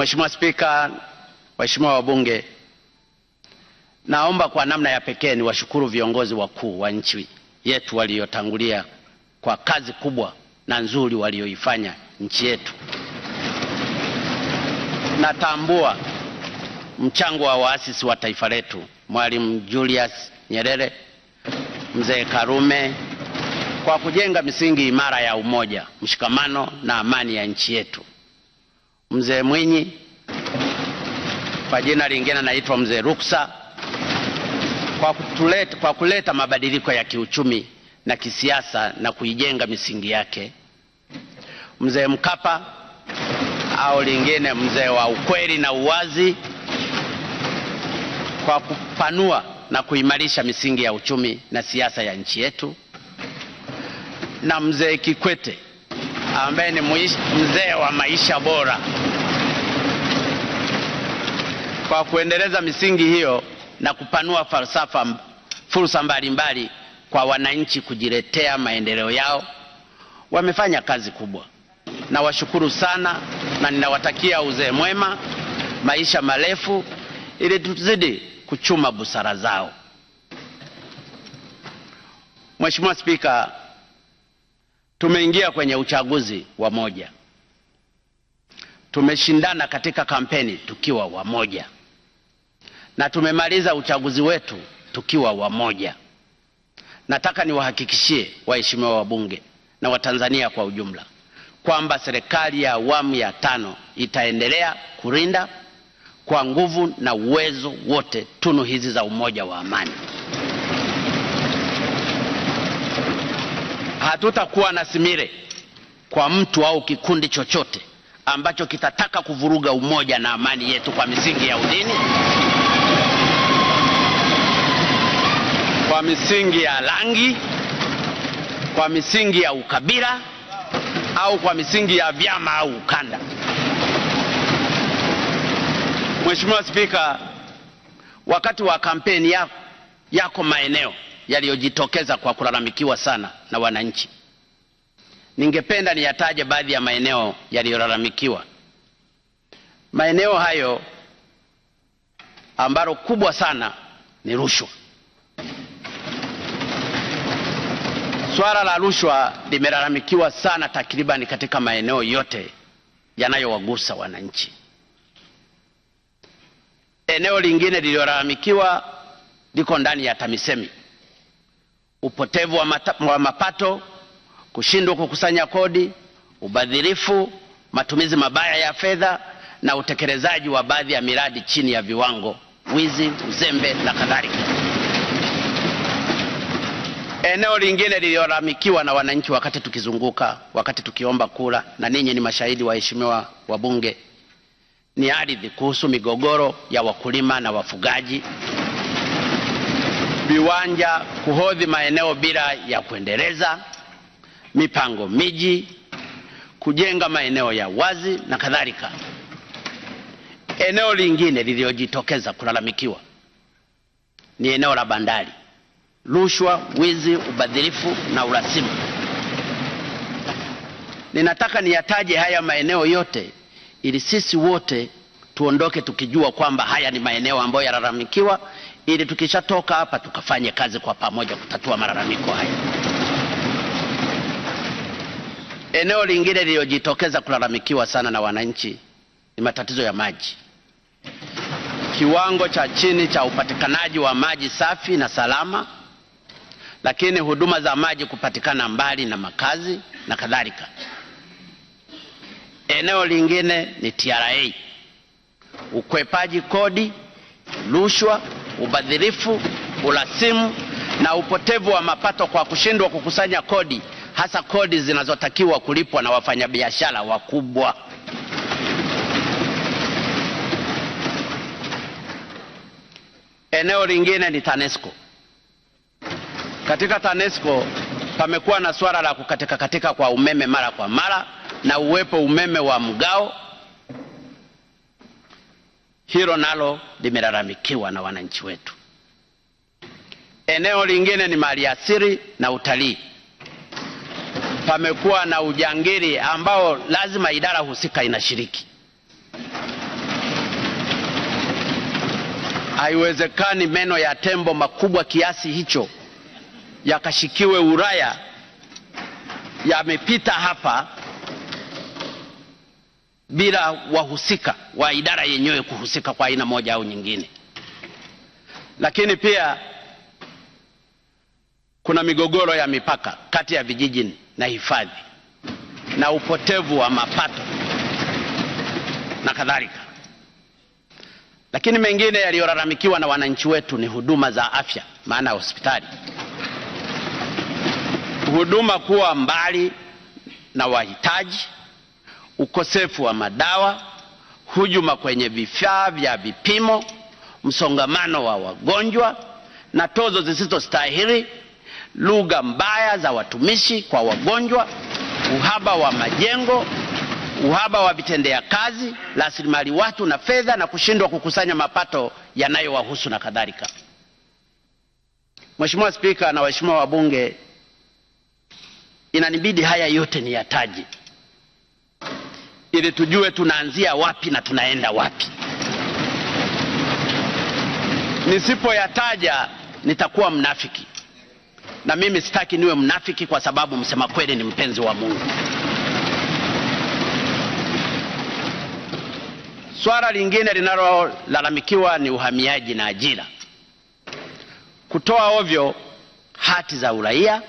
Mheshimiwa Spika, waheshimiwa wabunge, naomba kwa namna ya pekee niwashukuru viongozi wakuu wa nchi yetu waliotangulia kwa kazi kubwa na nzuri walioifanya nchi yetu. Natambua mchango wa waasisi wa taifa letu Mwalimu Julius Nyerere, Mzee Karume kwa kujenga misingi imara ya umoja, mshikamano na amani ya nchi yetu. Mzee Mwinyi, kwa jina lingine anaitwa Mzee Ruksa, kwa, kutuleta, kwa kuleta mabadiliko ya kiuchumi na kisiasa na kuijenga misingi yake. Mzee Mkapa au lingine mzee wa ukweli na uwazi, kwa kupanua na kuimarisha misingi ya uchumi na siasa ya nchi yetu. Na mzee Kikwete ambaye ni mzee wa maisha bora. Kwa kuendeleza misingi hiyo na kupanua falsafa, fursa mbalimbali kwa wananchi kujiletea maendeleo yao, wamefanya kazi kubwa. Nawashukuru sana na ninawatakia uzee mwema, maisha marefu, ili tuzidi kuchuma busara zao. Mheshimiwa Spika, tumeingia kwenye uchaguzi wa moja. Tumeshindana katika kampeni tukiwa wamoja na tumemaliza uchaguzi wetu tukiwa wamoja. Nataka niwahakikishie waheshimiwa wabunge na Watanzania kwa ujumla kwamba serikali ya awamu ya tano itaendelea kulinda kwa nguvu na uwezo wote tunu hizi za umoja wa amani. Hatutakuwa na simire kwa mtu au kikundi chochote ambacho kitataka kuvuruga umoja na amani yetu kwa misingi ya udini kwa misingi ya rangi, kwa misingi ya ukabila au kwa misingi ya vyama au ukanda. Mheshimiwa Spika, wakati wa kampeni yako, yako maeneo yaliyojitokeza kwa kulalamikiwa sana na wananchi. Ningependa niyataje baadhi ya maeneo yaliyolalamikiwa. Maeneo hayo ambalo kubwa sana ni rushwa. Swala la rushwa limelalamikiwa sana takribani katika maeneo yote yanayowagusa wananchi. Eneo lingine lililolalamikiwa liko ndani ya TAMISEMI: upotevu wa, wa mapato, kushindwa kukusanya kodi, ubadhirifu, matumizi mabaya ya fedha na utekelezaji wa baadhi ya miradi chini ya viwango, wizi, uzembe na kadhalika. Eneo lingine lililalamikiwa na wananchi wakati tukizunguka, wakati tukiomba kura, na ninyi ni mashahidi waheshimiwa wabunge, ni ardhi kuhusu migogoro ya wakulima na wafugaji, viwanja, kuhodhi maeneo bila ya kuendeleza, mipango miji, kujenga maeneo ya wazi na kadhalika. Eneo lingine lililojitokeza kulalamikiwa ni eneo la bandari rushwa, wizi, ubadhirifu na urasimu. Ninataka niyataje haya maeneo yote ili sisi wote tuondoke tukijua kwamba haya ni maeneo ambayo yalalamikiwa ili tukishatoka hapa tukafanye kazi kwa pamoja kutatua malalamiko haya. Eneo lingine lililojitokeza kulalamikiwa sana na wananchi ni matatizo ya maji. Kiwango cha chini cha upatikanaji wa maji safi na salama lakini huduma za maji kupatikana mbali na makazi na kadhalika. Eneo lingine ni TRA, ukwepaji kodi, rushwa, ubadhirifu, urasimu na upotevu wa mapato kwa kushindwa kukusanya kodi, hasa kodi zinazotakiwa kulipwa na wafanyabiashara wakubwa. Eneo lingine ni TANESCO. Katika TANESCO pamekuwa na swala la kukatikakatika kwa umeme mara kwa mara na uwepo umeme wa mgao, hilo nalo limelalamikiwa na wananchi wetu. Eneo lingine ni maliasili na utalii. Pamekuwa na ujangili ambao lazima idara husika inashiriki. Haiwezekani meno ya tembo makubwa kiasi hicho yakashikiwe uraya yamepita hapa bila wahusika wa idara yenyewe kuhusika kwa aina moja au nyingine. Lakini pia kuna migogoro ya mipaka kati ya vijiji na hifadhi na upotevu wa mapato na kadhalika. Lakini mengine yaliyolalamikiwa na wananchi wetu ni huduma za afya, maana hospitali huduma kuwa mbali na wahitaji, ukosefu wa madawa, hujuma kwenye vifaa vya vipimo, msongamano wa wagonjwa na tozo zisizostahili, lugha mbaya za watumishi kwa wagonjwa, uhaba wa majengo, uhaba wa vitendea kazi, rasilimali watu na fedha, na kushindwa kukusanya mapato yanayowahusu na kadhalika. Mheshimiwa Spika na waheshimiwa wabunge inanibidi haya yote ni niyataje ili tujue tunaanzia wapi na tunaenda wapi. Nisipoyataja nitakuwa mnafiki, na mimi sitaki niwe mnafiki, kwa sababu msema kweli ni mpenzi wa Mungu. Swala lingine linalolalamikiwa ni uhamiaji na ajira, kutoa ovyo hati za uraia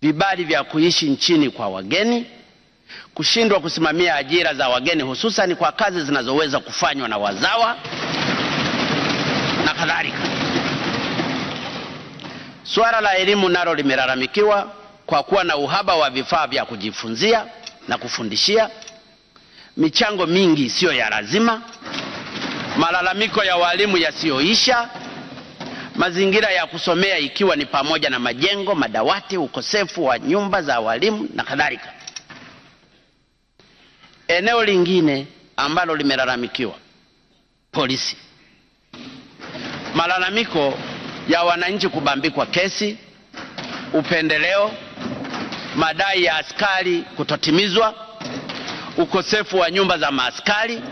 vibali vya kuishi nchini kwa wageni, kushindwa kusimamia ajira za wageni hususan kwa kazi zinazoweza kufanywa na wazawa na kadhalika. Suala la elimu nalo limelalamikiwa kwa kuwa na uhaba wa vifaa vya kujifunzia na kufundishia, michango mingi isiyo ya lazima, malalamiko ya walimu yasiyoisha mazingira ya kusomea ikiwa ni pamoja na majengo, madawati, ukosefu wa nyumba za walimu na kadhalika. Eneo lingine ambalo limelalamikiwa, polisi. Malalamiko ya wananchi kubambikwa kesi, upendeleo, madai ya askari kutotimizwa, ukosefu wa nyumba za maaskari,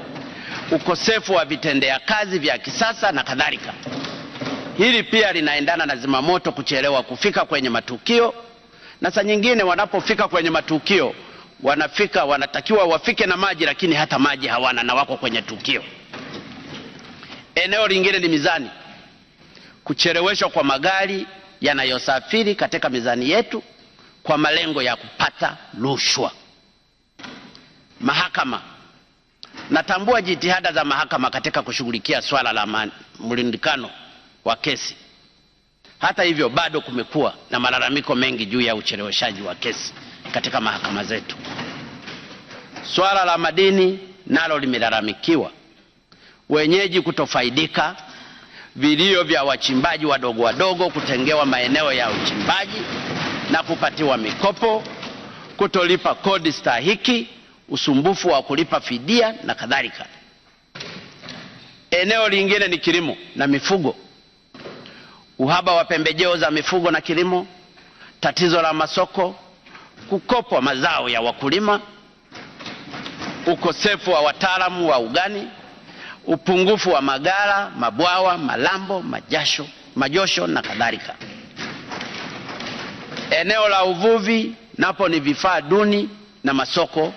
ukosefu wa vitendea kazi vya kisasa na kadhalika. Hili pia linaendana na zimamoto kuchelewa kufika kwenye matukio, na saa nyingine wanapofika kwenye matukio wanafika wanatakiwa wafike na maji, lakini hata maji hawana na wako kwenye tukio. Eneo lingine ni mizani, kucheleweshwa kwa magari yanayosafiri katika mizani yetu kwa malengo ya kupata rushwa. Mahakama, natambua jitihada za mahakama katika kushughulikia swala la mlindikano wa kesi. Hata hivyo, bado kumekuwa na malalamiko mengi juu ya ucheleweshaji wa kesi katika mahakama zetu. Swala la madini nalo limelalamikiwa, wenyeji kutofaidika, vilio vya wachimbaji wadogo wadogo kutengewa maeneo ya uchimbaji na kupatiwa mikopo, kutolipa kodi stahiki, usumbufu wa kulipa fidia na kadhalika. Eneo lingine ni kilimo na mifugo uhaba wa pembejeo za mifugo na kilimo, tatizo la masoko, kukopwa mazao ya wakulima, ukosefu wa wataalamu wa ugani, upungufu wa magala, mabwawa, malambo, majasho, majosho na kadhalika. Eneo la uvuvi napo ni vifaa duni na masoko,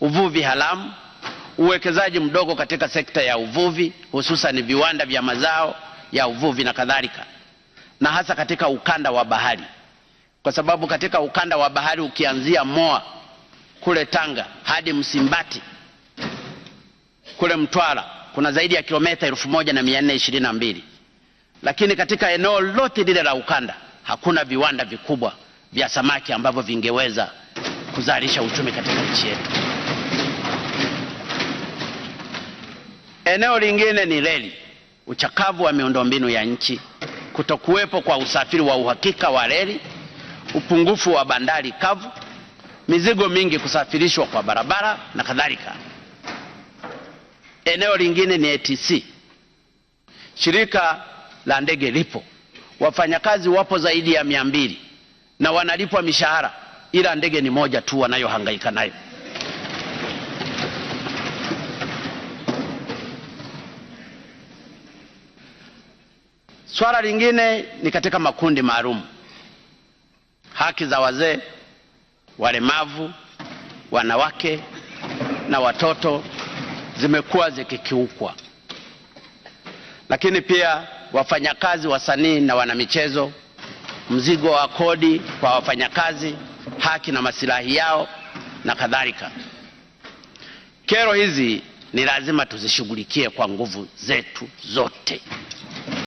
uvuvi haramu, uwekezaji mdogo katika sekta ya uvuvi, hususan viwanda vya mazao ya uvuvi na kadhalika na hasa katika ukanda wa bahari, kwa sababu katika ukanda wa bahari ukianzia Moa kule Tanga hadi Msimbati kule Mtwara kuna zaidi ya kilomita elfu moja na mia nne ishirini na mbili lakini katika eneo lote lile la ukanda hakuna viwanda vikubwa vya samaki ambavyo vingeweza kuzalisha uchumi katika nchi yetu. Eneo lingine ni reli, uchakavu wa miundombinu ya nchi kutokuwepo kwa usafiri wa uhakika wa reli, upungufu wa bandari kavu, mizigo mingi kusafirishwa kwa barabara na kadhalika. Eneo lingine ni ATC. Shirika la ndege lipo, wafanyakazi wapo zaidi ya mia mbili na wanalipwa mishahara, ila ndege ni moja tu wanayohangaika nayo. Swala lingine ni katika makundi maalum, haki za wazee, walemavu, wanawake na watoto zimekuwa zikikiukwa, lakini pia wafanyakazi, wasanii na wanamichezo, mzigo wa kodi kwa wafanyakazi, haki na masilahi yao na kadhalika. Kero hizi ni lazima tuzishughulikie kwa nguvu zetu zote.